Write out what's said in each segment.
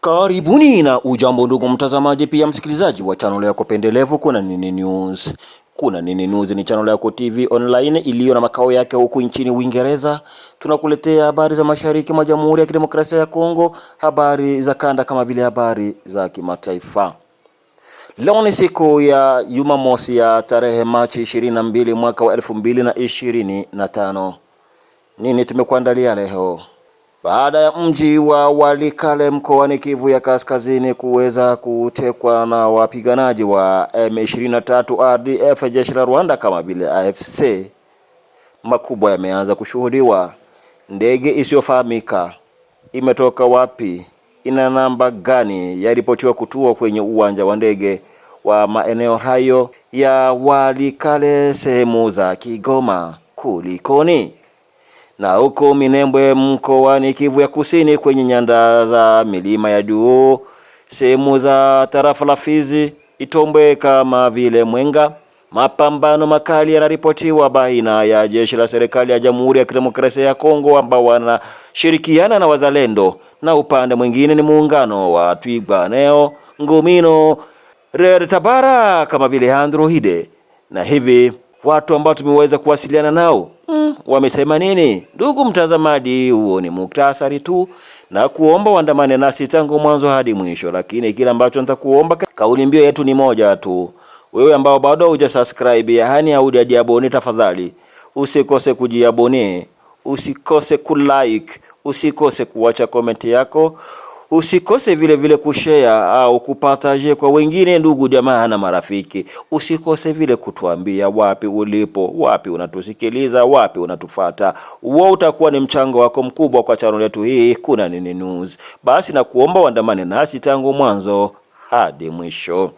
Karibuni na ujambo ndugu mtazamaji, pia msikilizaji wa chanelo yako pendelevu Kuna Nini News. Kuna Nini News ni chanelo yako TV online iliyo na makao yake huku nchini Uingereza. Tunakuletea habari za mashariki mwa Jamhuri ya Kidemokrasia ya Kongo, habari za kanda kama vile habari za kimataifa. Leo ni siku ya Jumamosi ya tarehe Machi 22 mwaka wa 2025. Nini tumekuandalia leo? baada ya mji wa Walikale mkoani Kivu ya Kaskazini kuweza kutekwa na wapiganaji wa M23 RDF jeshi la Rwanda kama vile AFC, makubwa yameanza kushuhudiwa. Ndege isiyofahamika imetoka wapi, ina namba gani, yaripotiwa kutua kwenye uwanja wa ndege wa maeneo hayo ya Walikale sehemu za Kigoma. Kulikoni? na huko Minembwe mkoani Kivu ya Kusini, kwenye nyanda za milima ya juu, sehemu za tarafa la Fizi, Itombwe kama vile Mwenga, mapambano makali yanaripotiwa baina ya jeshi la serikali ya Jamhuri ya Kidemokrasia ya Kongo ambao wanashirikiana na wazalendo, na upande mwingine ni muungano wa Twirwaneho, Ngumino, Red Tabara kama vile Hide na hivi watu ambao tumeweza kuwasiliana nao mm, wamesema nini? Ndugu mtazamaji, huo ni muktasari tu na kuomba uandamane nasi tangu mwanzo hadi mwisho, lakini kile ambacho nitakuomba, kauli mbio yetu ni moja tu. Wewe ambao bado hujasubscribe yaani haujajiabone, tafadhali usikose kujiabone, usikose kulike, usikose kuacha komenti yako. Usikose vile vile kushare au kupartaje kwa wengine, ndugu jamaa na marafiki. Usikose vile kutuambia wapi ulipo, wapi unatusikiliza, wapi unatufata. Huo utakuwa ni mchango wako mkubwa kwa channel yetu hii Kuna Nini News. Basi na kuomba uandamane nasi tangu mwanzo hadi mwisho,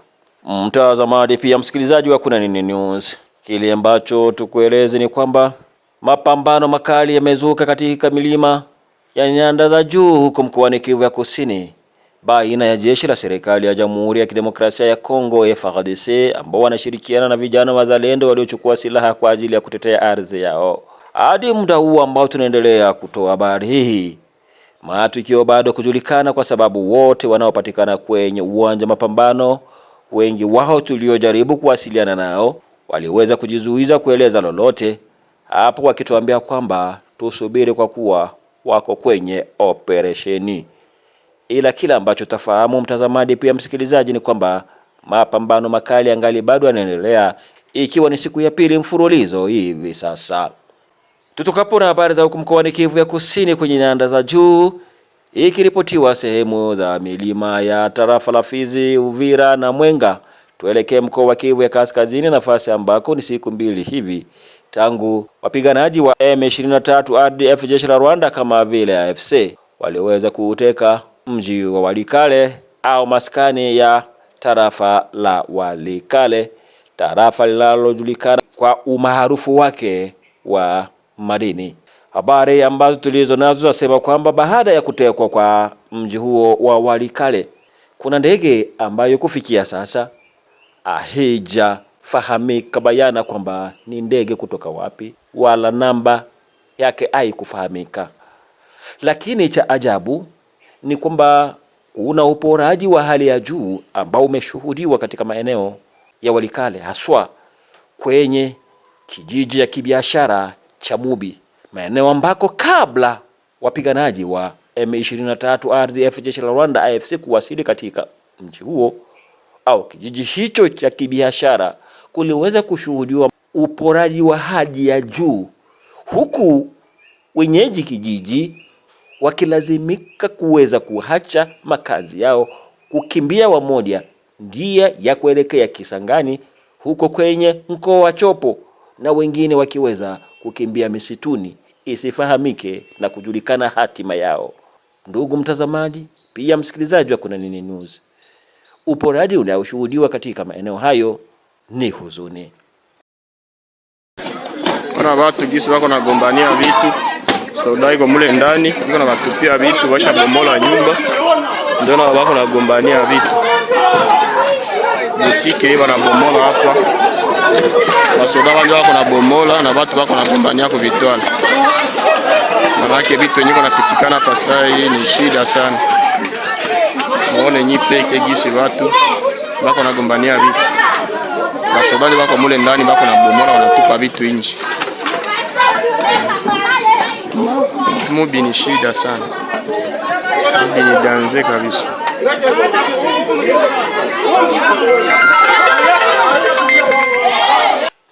mtazamaji pia msikilizaji wa Kuna Nini News. Kile ambacho tukueleze ni kwamba mapambano makali yamezuka katika milima ya nyanda za juu huko mkoani Kivu ya Kusini baina ya jeshi la serikali ya Jamhuri ya Kidemokrasia ya Kongo FARDC ambao wanashirikiana na vijana wazalendo waliochukua silaha kwa ajili ya kutetea ardhi yao. Hadi muda huu ambao tunaendelea kutoa habari hii, matukio bado kujulikana kwa sababu wote wanaopatikana kwenye uwanja mapambano, wengi wao tuliojaribu kuwasiliana nao waliweza kujizuiza kueleza lolote hapo, wakituambia kwamba tusubiri kwa kuwa wako kwenye operesheni. Ila kila ambacho tafahamu mtazamaji, pia msikilizaji, ni kwamba mapambano makali angali bado yanaendelea, ikiwa ni siku ya pili mfululizo hivi sasa. Tutokapo na habari za huku mkoani Kivu ya Kusini kwenye nyanda za juu ikiripotiwa sehemu za milima ya tarafa la Fizi, Uvira na Mwenga, tuelekee mkoa wa Kivu ya Kaskazini, nafasi ambako ni siku mbili hivi tangu wapiganaji wa M23 RDF jeshi la Rwanda kama vile AFC waliweza kuuteka mji wa Walikale au maskani ya tarafa la Walikale, tarafa linalojulikana kwa umaarufu wake wa madini. Habari ambazo tulizo nazo zasema kwamba baada ya kutekwa kwa mji huo wa Walikale, kuna ndege ambayo kufikia sasa ahija fahamika bayana kwamba ni ndege kutoka wapi, wala namba yake haikufahamika. Lakini cha ajabu ni kwamba kuna uporaji wa hali ya juu ambao umeshuhudiwa katika maeneo ya Walikale, haswa kwenye kijiji cha kibiashara cha Mubi, maeneo ambako kabla wapiganaji wa M23 RDF jeshi la Rwanda AFC kuwasili katika mji huo au kijiji hicho cha kibiashara kuliweza kushuhudiwa uporaji wa hadi ya juu, huku wenyeji kijiji wakilazimika kuweza kuhacha makazi yao, kukimbia wamoja njia ya kuelekea Kisangani huko kwenye mkoa wa Chopo, na wengine wakiweza kukimbia misituni isifahamike na kujulikana hatima yao. Ndugu mtazamaji, pia msikilizaji wa Kuna Nini News, uporaji unaoshuhudiwa katika maeneo hayo ni huzuni. Wana watu gisi wako nagombania vitu soda iko mule ndani iko na batupia vitu washa bomola nyumba ndio na wako nagombania vitu butike iko na bomola hapa wasoda wanje wako na bomola na watu wako nagombania kwa vitwala manake vitu wenyewe wanapitikana hapa saa hii ni shida sana maone nyi peke gisi watu wako nagombania vitu Basodali bako mule ndani bako na bomola, wanatupa vitu inji. Mubi ni shida sana, mubi ni danze kabisa.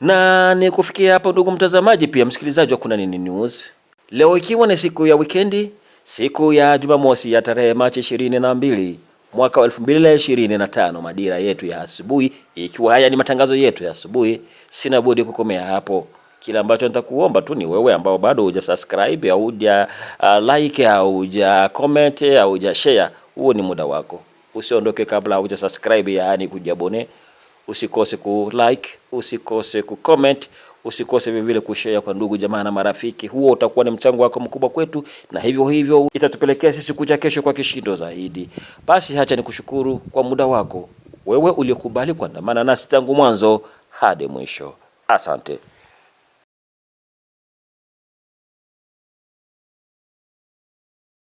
Na ni kufikia hapo, ndugu mtazamaji, pia msikilizaji wa Kuna Nini News, leo ikiwa ni siku ya wikendi, siku ya Jumamosi ya tarehe Machi ishirini na mbili mwaka wa 2025 Madira yetu ya asubuhi, ikiwa haya ni matangazo yetu ya asubuhi, sina budi kukomea hapo. Kile ambacho nitakuomba tu ni wewe ambao bado huja subscribe au huja uh, like au huja comment au huja share, huo ni muda wako, usiondoke kabla huja subscribe, yaani kujabone. Usikose ku like, usikose ku comment. Usikose vilevile kushare kwa ndugu jamaa na marafiki. Huo utakuwa ni mchango wako mkubwa kwetu, na hivyo hivyo itatupelekea sisi kuja kesho kwa kishindo zaidi. Basi hacha ni kushukuru kwa muda wako wewe uliokubali kuandamana nasi tangu mwanzo hadi mwisho. Asante.